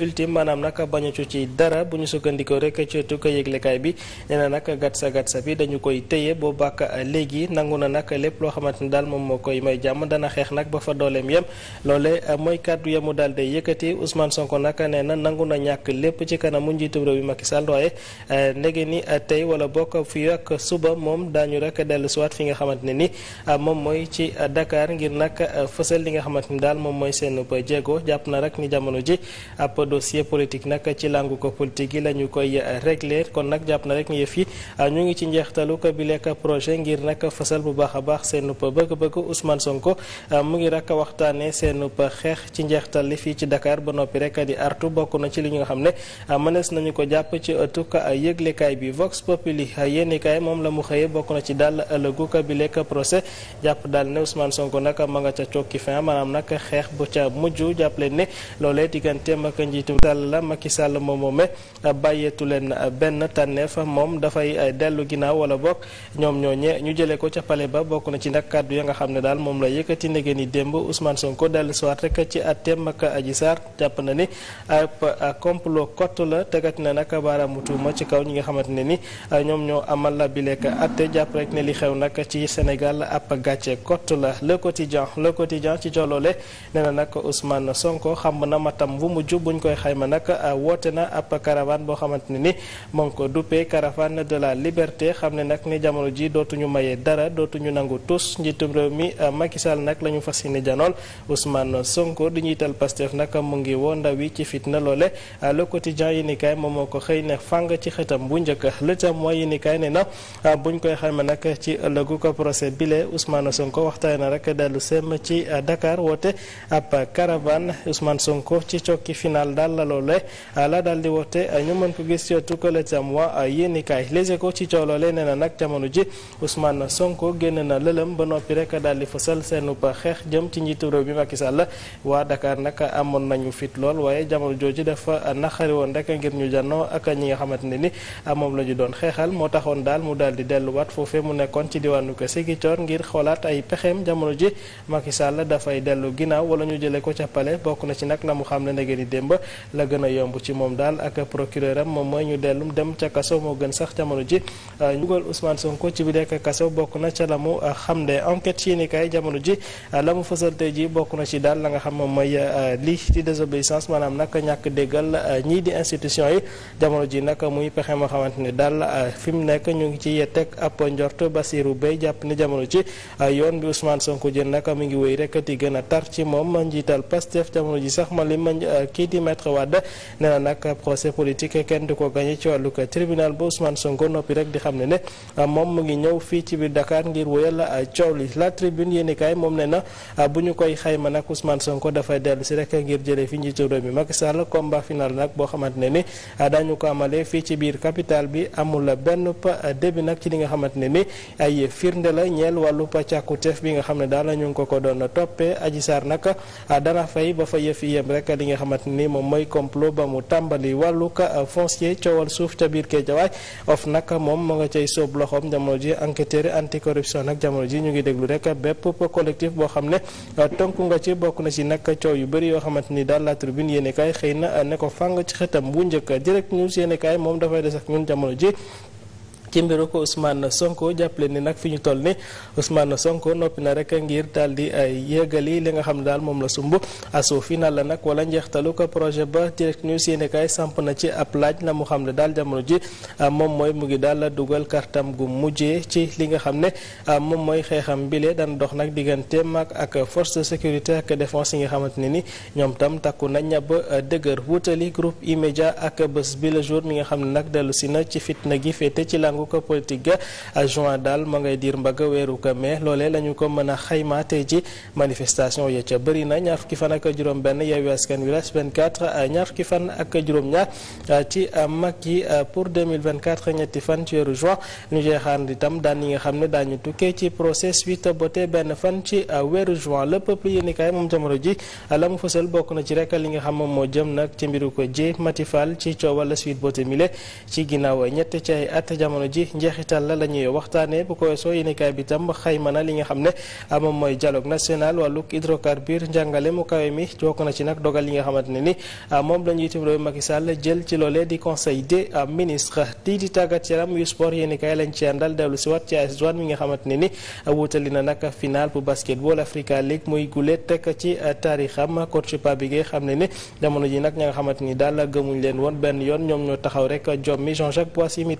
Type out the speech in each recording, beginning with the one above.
ultime maanaam nag bañucu ci dara bu ñu sukkandikoo rek ci tukka yëglekaay bi nee na nag gatsa gatsa bi dañu koy téye boo bakk léegi nangu na nag lépp loo xamante ni daal moom moo koy may jàmm dana xeex nag ba fa dooleem yem loole mooy kàddu yamu daal de yëkkati Ousmane Sonko nag nee na nangu na ñàkk lépp ci kanamu njiitu réew bi Macky Sall waaye eh, ndege ni tey wala bokk fii ak suba moom daañu rek dellu siwaat fi nga xamante ne ni eh, moom mooy ci dakaar ngir nag eh, fësal li nga xamante ni daal moom mooy seen jéego jàpp na rek jamono ji ab dossier politique nag ci làngu ko politique yi la ñu koy eh, réglé kon nag jàpp na rek ni yëf yi eh, ñu ngi ci njeextalu ko bi lekk projet ngir nag fësal bu baax a baax seen bëgg-bëgg Ousmane Sonko eh, mu ngi rek waxtaanee seen xeex ci njeextal li fii ci Dakar ba noppi rek di artu bokk na ci li ñu nga xam ne mënees nañu ko jàpp ci ëttuk yëglekaay bi Vox Populi yéenekaay moom la mu xëyee bokk na ci dàll ëllëgu ko bi lekk procès jàpp daal ne Ousmane Sonko nag ma nga ca cokki fin maanaam nag xeex bu ca mujj jàppale ne loolee digganteem ak nag njiitu dal la Macky Sall moom moome bàyyeetu leen benn tànneef moom dafay dellu ginnaaw wala bokk ñoom ñooñee ñu jëlee ko ca pale ba bokk na ci nag kàddu ya nga xam ne daal moom la yëkkati ndege ni démb Ousmane Sonko dellu siwaat rek ci àtteem ak Adji Sarr jàpp na ni ab complot kott la tegat na nag baaraamu tuuma ci kaw ñi nga xamante ne ni ñoom ñoo amal la bileek atte jàpp rek ne li xew nag ci senegal ab gàcce kott la Le Quotidien Le Quotidien ci jolloole nee na nag Sonko xam na matam bu mujj buñ koy xayma nag euh, woote na ab caravane boo xamante ne ni moo ngi ko duppee caravane de la liberté xam ne nag ni jamono ji dootuñu mayee dara dootuñu nangu tous njiitum réew mi euh, Macky Sall nag la ñu fas yéene janool Ousmane Sonko di njiital Pastef nag mu ngi woo ndaw yi ci fitna loole euh, le quotidien yi ni moom moo ko xëy ne fàng ci xëtam bu njëkk le témoin yi ni kaay ne na buñ koy xayma nag ci ëllëgu ko procès bile Ousmane Sonko waxtaane na rek dellu sem ci Dakar woote ab caravane national daal la loolee la daal di mën ko gis tukkale tam waa yéenikaay Les Échos ci na nag jamono ji Ousmane Sonko génn na lëlëm ba noppi rek daal di fësal seenu ba xeex jëm ci njiitu réew bi Macky Sall waa Dakar nag amoon nañu fit lool waaye jamono jooju dafa naqari woon rek ngir ñu jànnoo ak ñi nga xamante ne ni moom la doon xeexal moo taxoon daal mu daal di delluwaat foofee mu nekkoon ci diwaanu ko Ziguinchor ngir xoolaat ay pexeem jamono ji Macky Sall dafay dellu ginnaaw la mu xam ne ndege ni démb la gën a yomb ci moom daal ak procureur am moom mooy ñu dellum dem ca kaso moo gën sax jamono ji ñu euh, dugal Ousmane Sonko ci bi dekk kaso bokk na ca la mu euh, xam ne enquête yi ni ji euh, la mu fësal tey ji bokk na ci daal la fi mu nekk ñu ngi ci teg ab njort Basirou Bey jàpp ni jamono ji yoon bi Ousmane Sonko jël nag mi ngi wéy rek di gën a tar ci moom njiital Pastef jamono ji sax ma li ma kii ci maître Wade nee na nag procès politique kenn du ko gagné ci wàllu tribunal ba Ousmane Sonko noppi rek di xam ne ne moom mu ngi ñëw fii ci biir Dakar ngir wéyal la tribune yéen moom ne na bu ñu koy xayma nag Ousmane Sonko dafay dellu si rek ngir jëlee fi njiitu réew mi Macky Sall combat final nag boo xamante ne ni dañu ko amalee fii ci biir capitale bi amul benn début nag ci li nga xamante ne ni ay firnde la ñeel wàllu càkkuteef bi nga xam ne daal ñu ngi ko ko doon toppee Adji Sarr dana fay ba fa yëf yem rek li nga xamante ni moom mooy complot ba mu tàmbali wàllu ka euh, foncier coowal suuf ca biir Guédiawaye of nag moom mu nga cay sóob loxoom jamono ji enquêteur anticorruption nag jamono ji ñu ngi déglu rek bépp collectif boo xam ne euh, tonku nga ci bokk na ci nag coow yu bëri yoo xamante ni daal la tribune yéenekaay xëy na euh, ne ko fàng ci xëtam bu njëkk direct news yéenekaay moom dafay des ak ñun jamono ji ci mbiru ko Ousmane Sonko jàppale ni nag fi ñu toll ni Ousmane Sonko noppi na rek ngir daal di yëgali li nga xam ne daal moom la sumb asu final la nag wala njeextalu ko projet ba direct news yéenekaay samp na ci ab laaj la mu xam ne daal jamono ji ah, moom mooy mu daal la dugal kartam gu mujjee ci li nga xam ne ah, moom mooy xeexam bile daan dox nag digganteem ak force de sécurité ak défense yi nga xamante ne ni ñoom tam takku nañ ba ah, dëgër wutali groupe e ak bés bi le jour mi nga xam ne nag dellu si na ci fitna gi ci lan làngu ko politique ga juin daal ma ngay diir mbagg weeru ko mai loolee la ko mën a xayma tey ji manifestation ya ca bëri na ñaar fukki fan ak juróom benn Yewwi Askan Wi las 24 ñaar fukki fan ak juróom ñaar ci Macky pour 2024 ñetti fan ci weeru juin ñu jeexaan itam daan yi nga xam ne ñu tukkee ci procès suite bote benn fan ci weeru juin le peuple yéen kaay moom jamono ji la mu fësal bokk na ci rek li nga xam moom moo jëm nag ci mbiru ko ji Mati Fall ci coowal la suite bote mile ji njeexital la la ñuy waxtaanee bu ko soo yéenekaay bi tam xayma li nga xam ne ah, moom mooy dialogue national wàllug hydrocarbure njàngale mu kawe mi jokk na ci nag dogal yi nga xamante ne ni ah, moom la njiitu réew Macky jël ci loolee di conseil des ah, ministres tii di tàggat yaram yu sport yéenekaay lañ ci àndal dellu si wat ci AS Douanes mi nga xamante ne ni wutali na nag final bu basketball Africa League muy gule tekk ci taarixam coach Pape Gueye xam ne ni jamono ji nag ña nga xamante ni daal gëmuñ leen woon benn yoon ñoom ñoo taxaw rek jom mi Jean-Jacques Boissy mi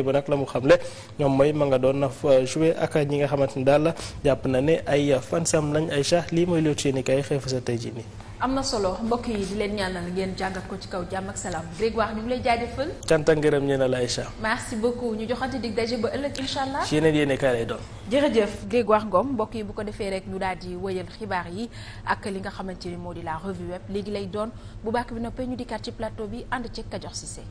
démb nag la mu xam le ñoom mooy ma nga doon na joué ak ñi nga xamante ni daal jàpp na ne ay fansam lañ ay sax lii mooy loolu ni kay xëy fa sa tey jii nii. am na solo mbokk yi di leen ñaanal ko ci kaw jàmm ak salaam Grégoire ñu ngi lay jaajëfal. cant ak ngërëm ñeena la Aïcha. merci beaucoup ñu joxante dig daje ba ëllëg incha allah. ci yeneen yéene kaay lay doon. jërëjëf Grégoire Ngom mbokk yi bu ko defee rek ñu daal di wëyal xibaar yi ak li nga xamante ni moo di laa revue web léegi lay doon bu bakk bi noppee ñu dikkaat ci plateau bi ànd ci Kajoor Cissé.